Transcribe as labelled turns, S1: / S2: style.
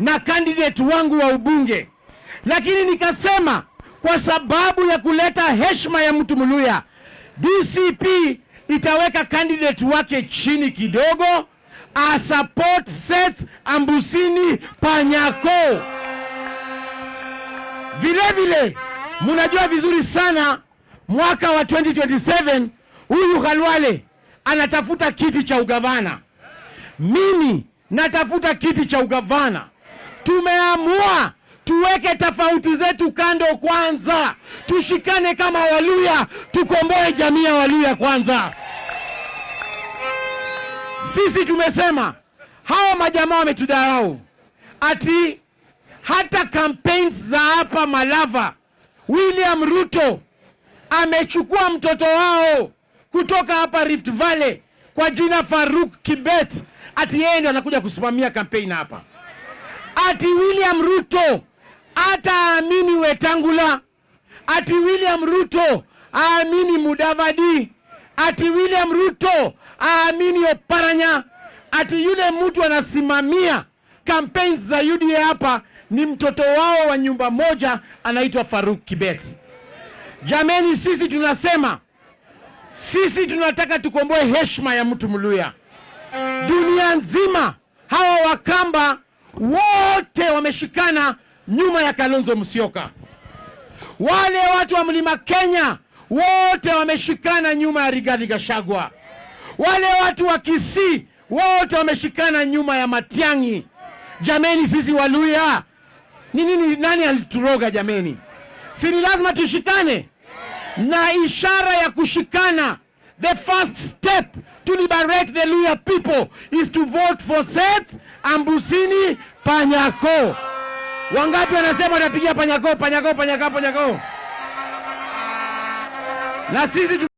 S1: na kandideti wangu wa ubunge, lakini nikasema kwa sababu ya kuleta heshima ya mtu Mluya, DCP itaweka kandideti wake chini kidogo, support Seth Ambusini Panyako. Vilevile mnajua vizuri sana mwaka wa 2027 huyu Khalwale anatafuta kiti cha ugavana, mimi natafuta kiti cha ugavana tumeamua tuweke tofauti zetu kando kwanza, tushikane kama Waluya, tukomboe jamii ya Waluya kwanza. Sisi tumesema hawa majamaa wametudharau, ati hata campaigns za hapa Malava, William Ruto amechukua mtoto wao kutoka hapa Rift Valley kwa jina Faruk Kibet, ati yeye ndio anakuja kusimamia campaign hapa ati William Ruto aamini Wetangula, ati William Ruto aamini Mudavadi, ati William Ruto aamini Oparanya, ati yule mtu anasimamia kampeni za UDA hapa ni mtoto wao wa nyumba moja anaitwa Faruk Kibet. Jameni, sisi tunasema sisi tunataka tukomboe heshima ya mtu Mluya dunia nzima. Hawa Wakamba wote wameshikana nyuma ya Kalonzo Musyoka. Wale watu wa Mlima Kenya wote wameshikana nyuma ya Rigathi Gachagua. Wale watu wa Kisii wote wameshikana nyuma ya Matiang'i. Jameni, sisi Waluya ni nini? Nani alituroga jameni? Si ni lazima tushikane, na ishara ya kushikana, the first step to liberate the Luya people is to vote for Seth Ambusini panyako. Wangapi wanasema watapigia panyako, panyako, panyako, panyako? Na sisi